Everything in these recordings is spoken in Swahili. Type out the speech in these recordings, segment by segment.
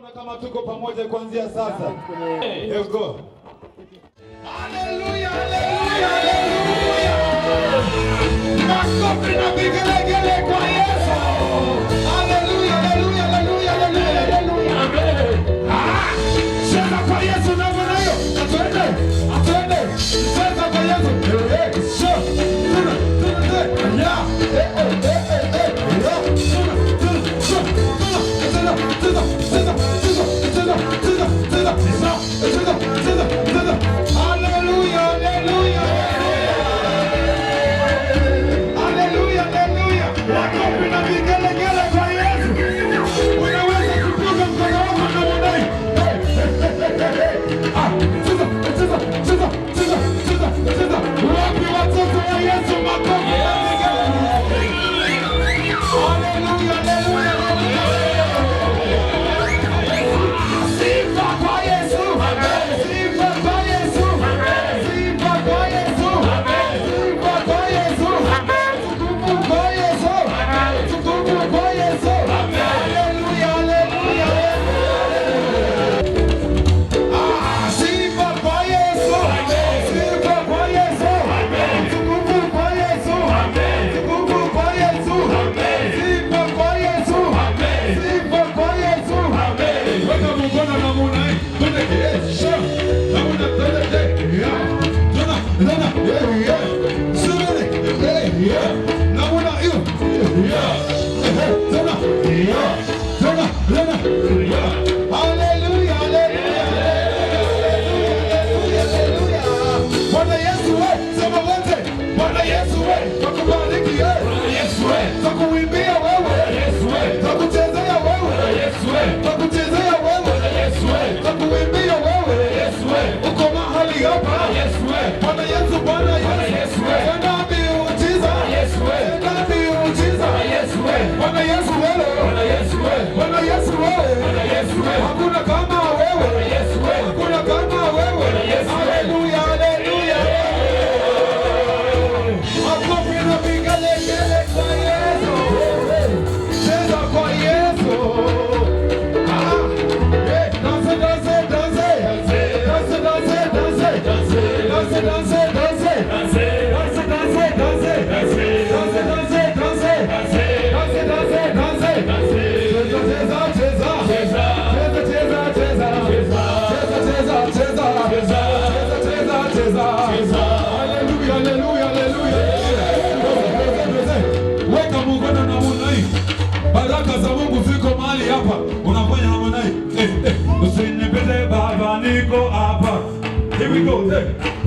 mikono kama tuko pamoja kuanzia sasa. Let's go. Hallelujah, hallelujah, hallelujah. Makofi na vigelegele kwa alguna parte.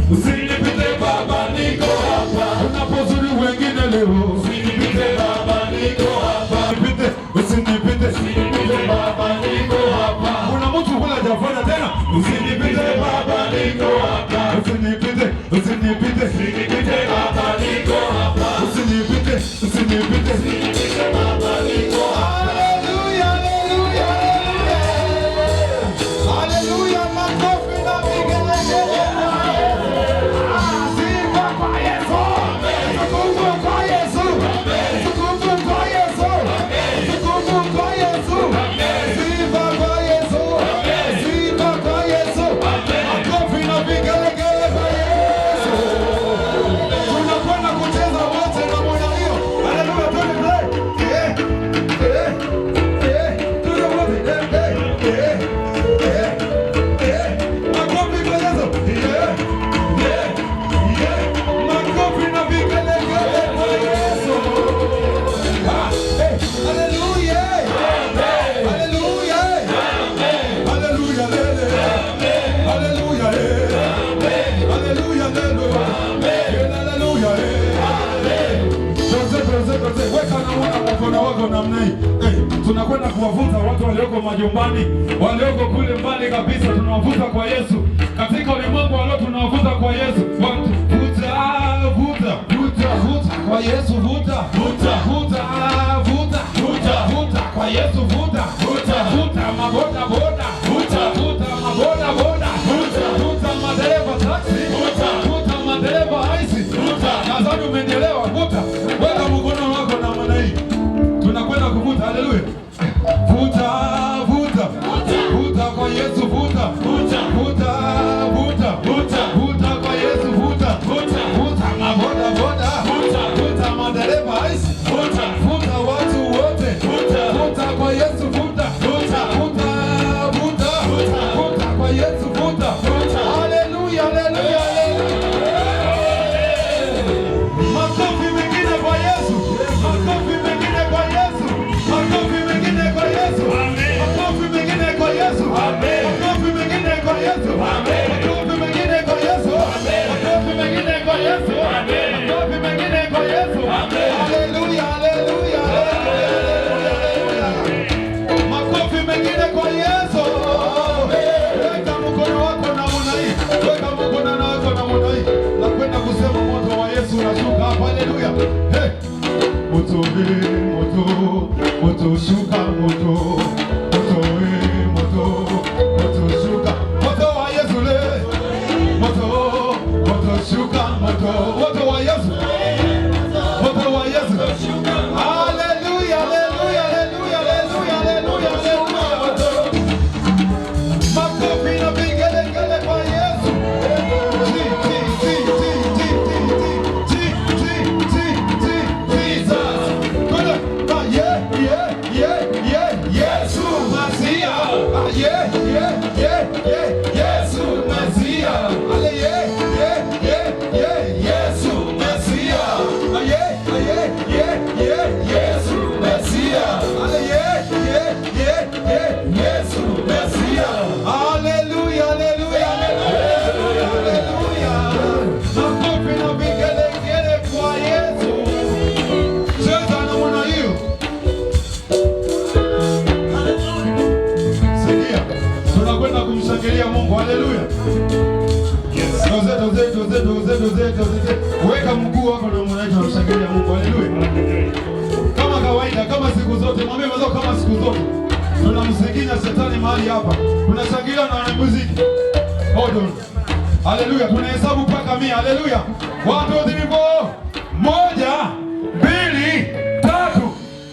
Você Subuta. guys. mahali hapa tunashangilia na wanamuziki. Haleluya, tunahesabu mpaka mia. Haleluya, watu zilipo moja, mbili, tatu.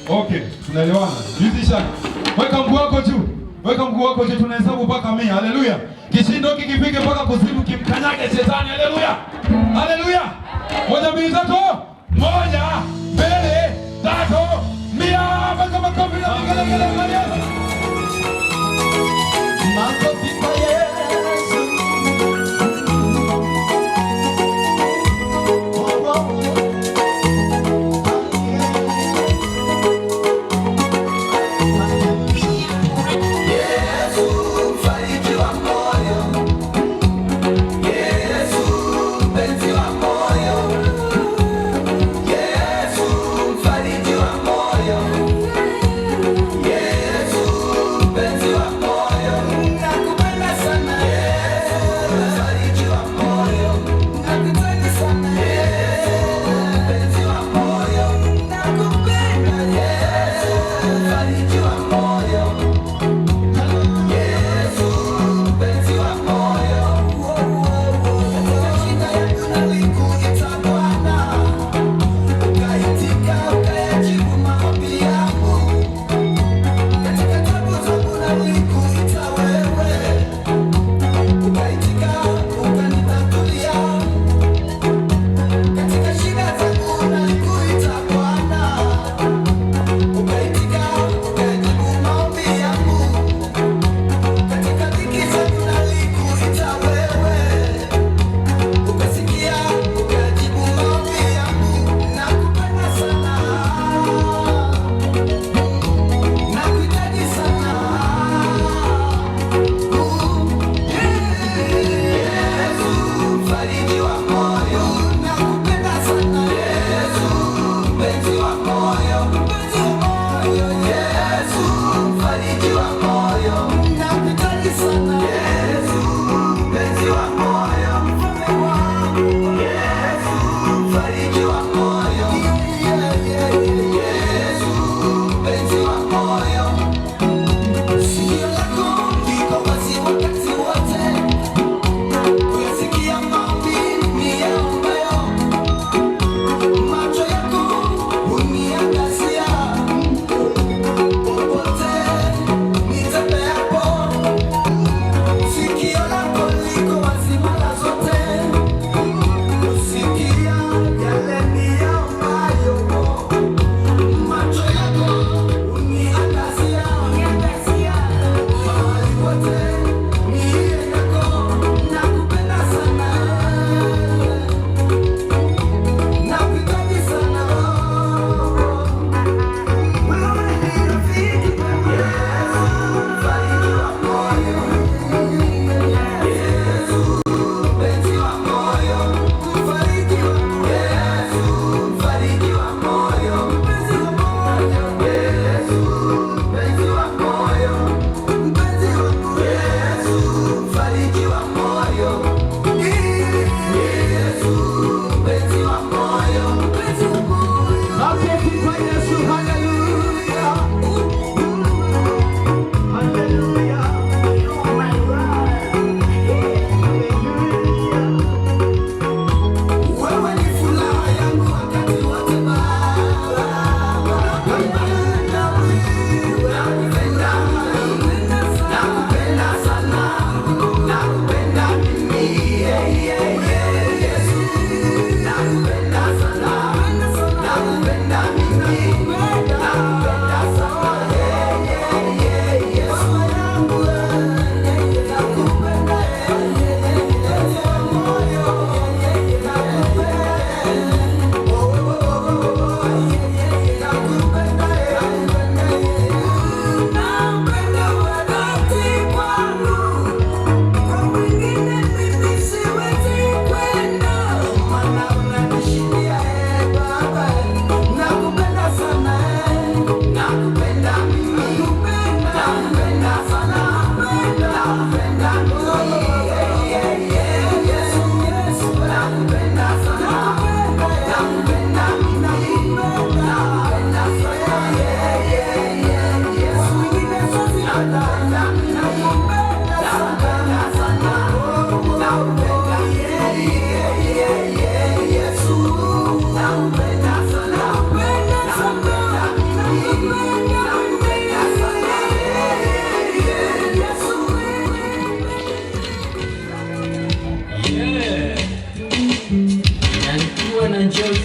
Okay, tunaelewana hizi shaka. Weka mguu wako juu, weka mguu wako juu, tunahesabu mpaka mia. Haleluya, kishindo kikipige mpaka kuzimu, kimkanyage shetani. Haleluya, haleluya. Moja, mbili, tatu, moja, mbili, tatu, mia. Makofi na makelele. Jezu, chwalić Wam moją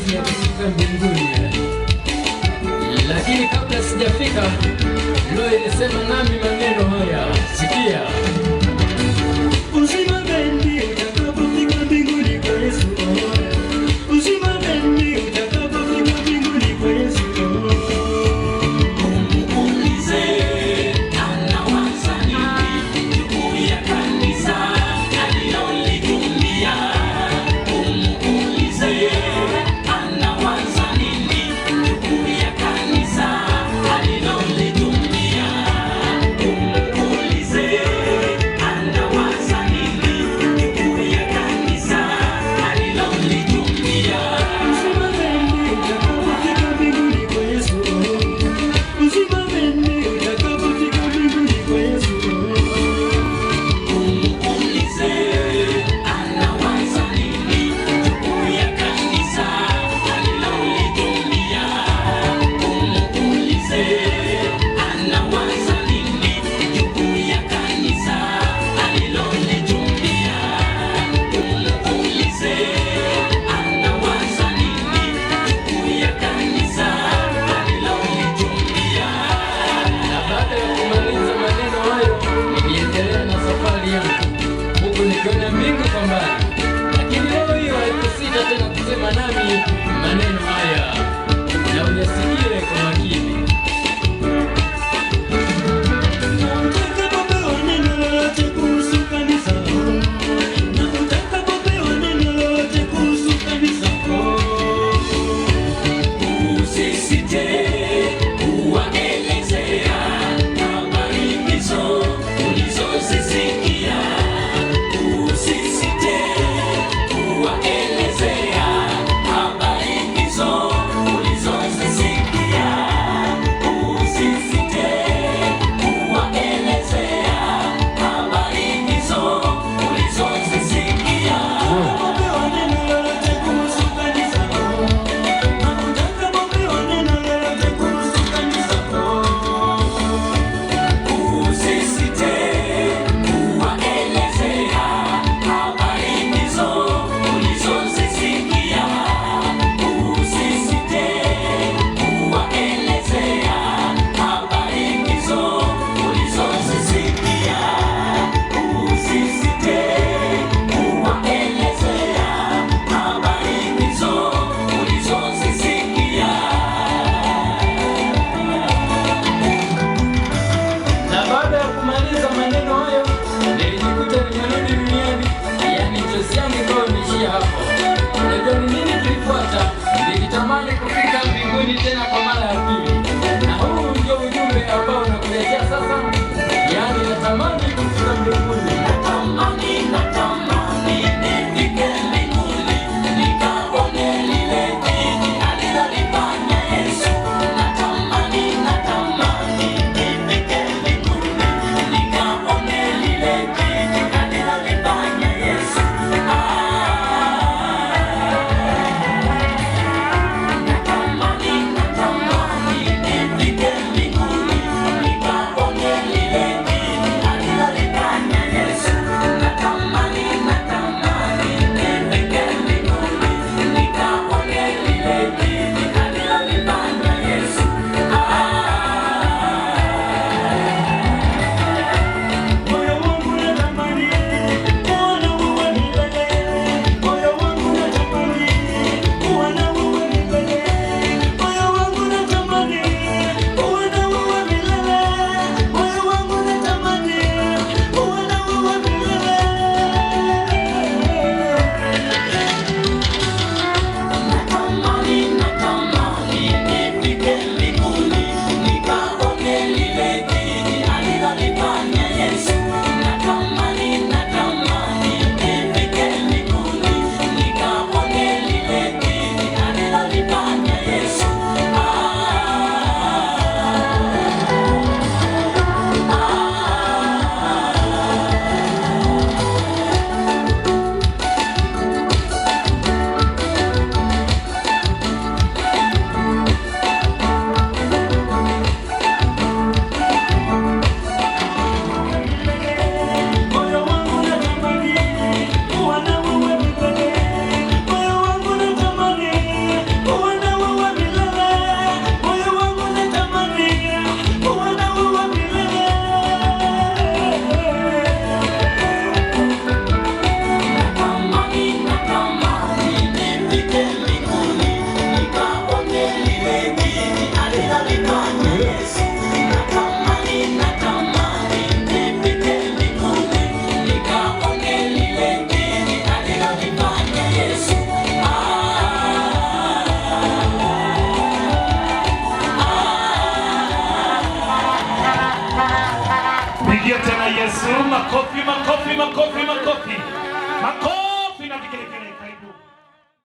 matumaini yamefika mbinguni. Lakini kabla sijafika, Roho ilisema nami maneno haya, sikia